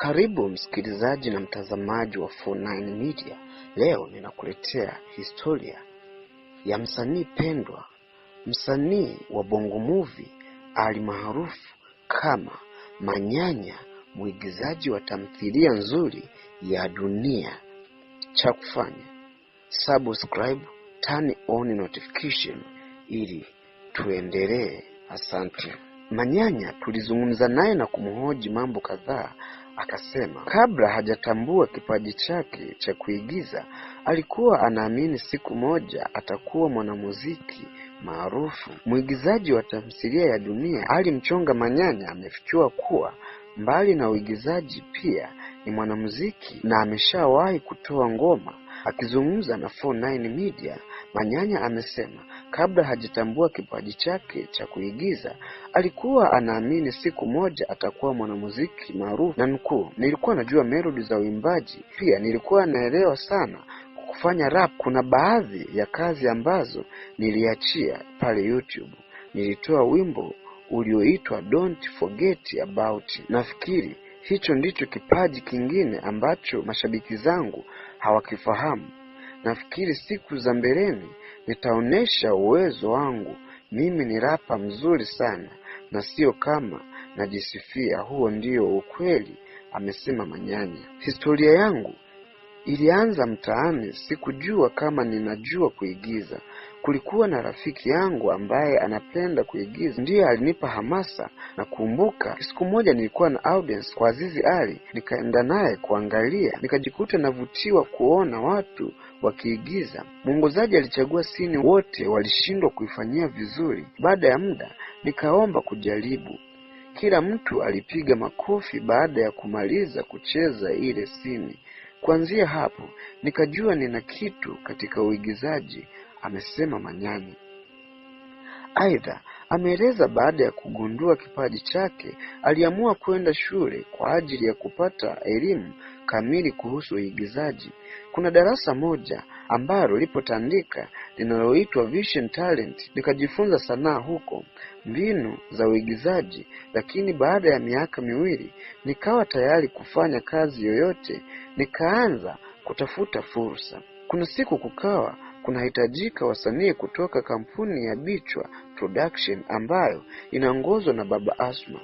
Karibu msikilizaji na mtazamaji wa 49 Media. Leo ninakuletea historia ya msanii pendwa, msanii wa Bongo Movie alimaarufu kama Manyanya, mwigizaji wa tamthilia nzuri ya dunia. Cha kufanya subscribe, turn on notification ili tuendelee. Asante. Manyanya tulizungumza naye na kumhoji mambo kadhaa Akasema kabla hajatambua kipaji chake cha kuigiza, alikuwa anaamini siku moja atakuwa mwanamuziki maarufu. Mwigizaji wa tamthilia ya dunia alimchonga Mchonga Manyanya amefichua kuwa mbali na uigizaji pia ni mwanamuziki na ameshawahi kutoa ngoma. Akizungumza na 49 Media, Manyanya amesema Kabla hajatambua kipaji chake cha kuigiza, alikuwa anaamini siku moja atakuwa mwanamuziki maarufu. Na nkuu nilikuwa najua melodi za uimbaji, pia nilikuwa naelewa sana kufanya rap. Kuna baadhi ya kazi ambazo niliachia pale YouTube. Nilitoa wimbo ulioitwa Don't Forget About. Nafikiri hicho ndicho kipaji kingine ambacho mashabiki zangu hawakifahamu. Nafikiri siku za mbeleni nitaonesha uwezo wangu. Mimi ni rapa mzuri sana na sio kama najisifia. Huo ndio ukweli, amesema Manyanya. Historia yangu ilianza mtaani. Sikujua kama ninajua kuigiza. Kulikuwa na rafiki yangu ambaye anapenda kuigiza, ndiye alinipa hamasa. na kumbuka siku moja nilikuwa na audience kwa Azizi Ali, nikaenda naye kuangalia, nikajikuta navutiwa kuona watu wakiigiza. Mwongozaji alichagua sini, wote walishindwa kuifanyia vizuri. Baada ya muda, nikaomba kujaribu. Kila mtu alipiga makofi baada ya kumaliza kucheza ile sini. Kuanzia hapo nikajua nina kitu katika uigizaji amesema manyanyi Aidha, ameeleza baada ya kugundua kipaji chake aliamua kwenda shule kwa ajili ya kupata elimu kamili kuhusu uigizaji. Kuna darasa moja ambalo lipotandika linaloitwa Vision Talent, likajifunza sanaa huko, mbinu za uigizaji, lakini baada ya miaka miwili nikawa tayari kufanya kazi yoyote, nikaanza kutafuta fursa. Kuna siku kukawa kunahitajika wasanii kutoka kampuni ya Bichwa Production ambayo inaongozwa na Baba Asma.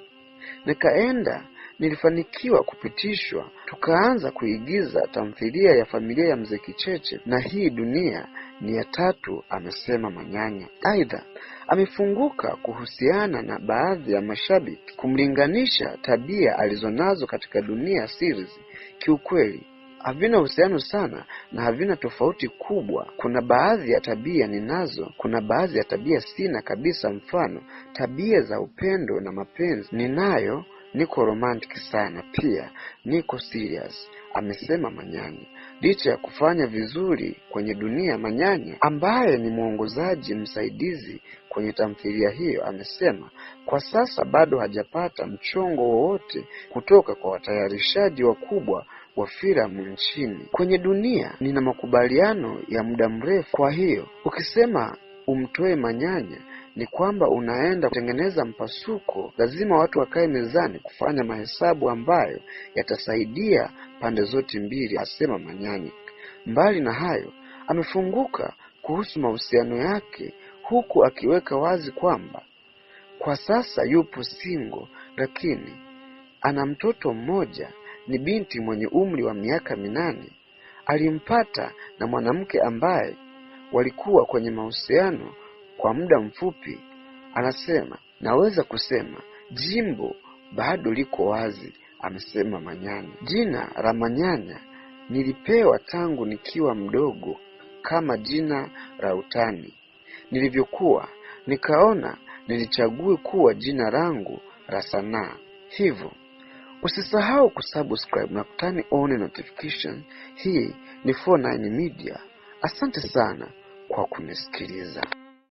Nikaenda, nilifanikiwa kupitishwa, tukaanza kuigiza tamthilia ya familia ya Mzee Kicheche na hii dunia ni ya tatu, amesema Manyanya. Aidha, amefunguka kuhusiana na baadhi ya mashabiki kumlinganisha tabia alizonazo katika Dunia Series. Kiukweli havina uhusiano sana na havina tofauti kubwa. Kuna baadhi ya tabia ninazo, kuna baadhi ya tabia sina kabisa. Mfano, tabia za upendo na mapenzi ninayo, niko romantic sana, pia niko serious, amesema Manyanya. Licha ya kufanya vizuri kwenye dunia, Manyanya ambaye ni mwongozaji msaidizi kwenye tamthilia hiyo amesema kwa sasa bado hajapata mchongo wowote kutoka kwa watayarishaji wakubwa wa filamu nchini. Kwenye dunia nina makubaliano ya muda mrefu, kwa hiyo ukisema umtoe Manyanya ni kwamba unaenda kutengeneza mpasuko. Lazima watu wakae mezani kufanya mahesabu ambayo yatasaidia pande zote mbili, asema Manyanya. Mbali na hayo, amefunguka kuhusu mahusiano yake, huku akiweka wazi kwamba kwa sasa yupo singo, lakini ana mtoto mmoja ni binti mwenye umri wa miaka minane. Alimpata na mwanamke ambaye walikuwa kwenye mahusiano kwa muda mfupi. Anasema, naweza kusema jimbo bado liko wazi, amesema Manyanya. Jina la Manyanya nilipewa tangu nikiwa mdogo kama jina la utani. Nilivyokuwa nikaona nilichague kuwa jina langu la sanaa hivyo Usisahau kusubscribe na kutani on notification. Hii ni 49 Media. Asante sana kwa kunisikiliza.